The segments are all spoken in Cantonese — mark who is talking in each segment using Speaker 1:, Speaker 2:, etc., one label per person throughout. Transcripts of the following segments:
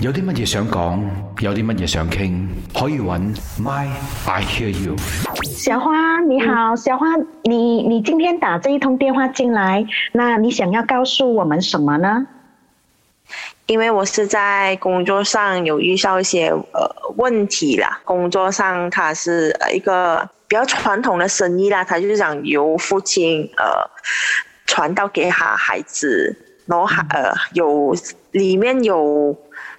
Speaker 1: 有啲乜嘢想講，有啲乜嘢想傾，可以揾 MY I Hear U。
Speaker 2: 小花你好，嗯、小花你你今天打這一通電話
Speaker 3: 進來，那你想要告訴我們什麼呢？因為我是在工作上有遇到一些呃問題啦，工作上它是一個比較傳統的生意啦，它就是想由父親呃傳到給他孩子，然後、嗯、呃有裏面有。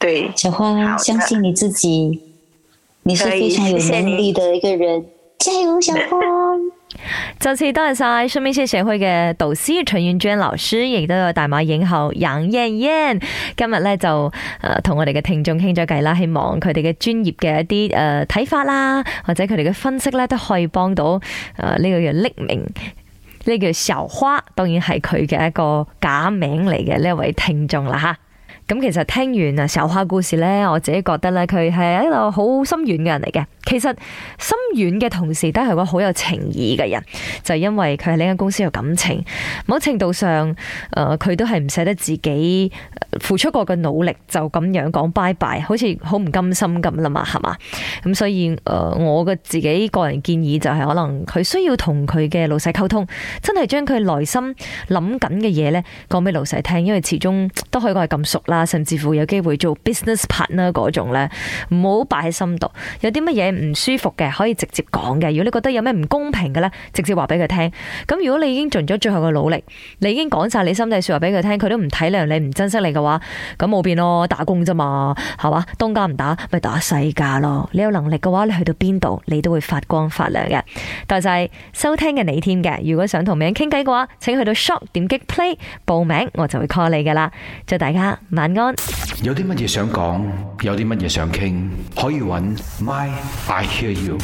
Speaker 2: 對，
Speaker 1: 小花相信你自己，你是非常有能力
Speaker 4: 的一個人，謝謝 加油，小花。再 次多謝晒，Show Me See 社會嘅導師陳婉娟老師，亦都有大馬影后楊燕燕，今日咧就誒同我哋嘅聽眾傾咗偈啦，希望佢哋嘅專業嘅一啲誒睇法啦，或者佢哋嘅分析咧都可以幫到誒呢個叫匿名，呢、這個叫小花，當然係佢嘅一個假名嚟嘅呢一位聽眾啦吓。咁其實聽完啊，壽華故事呢，我自己覺得呢，佢係一個好心軟嘅人嚟嘅。其實心軟嘅同時，都係個好有情意嘅人。就因為佢係呢間公司有感情，某程度上，誒、呃，佢都係唔捨得自己付出過嘅努力，就咁樣講拜拜，好似好唔甘心咁啦嘛，係嘛。咁所以，誒、呃，我嘅自己個人建議就係，可能佢需要同佢嘅老細溝通，真係將佢內心諗緊嘅嘢呢，講俾老細聽，因為始終都可以講係咁熟啦。甚至乎有機會做 business partner 嗰種咧，唔好擺喺心度。有啲乜嘢唔舒服嘅，可以直接講嘅。如果你覺得有咩唔公平嘅咧，直接話俾佢聽。咁如果你已經盡咗最後嘅努力，你已經講晒你心底說話俾佢聽，佢都唔體諒你，唔珍惜你嘅話，咁冇變咯，打工啫嘛，係嘛？東家唔打，咪打西家咯。你有能力嘅話，你去到邊度，你都會發光發亮嘅。但係收聽嘅你添嘅，如果想同名傾偈嘅話，請去到 shop 點擊 play 報名，我就會 call 你噶啦。祝大家
Speaker 1: 有啲乜嘢想講，有啲乜嘢想傾，可以揾 My I Hear You。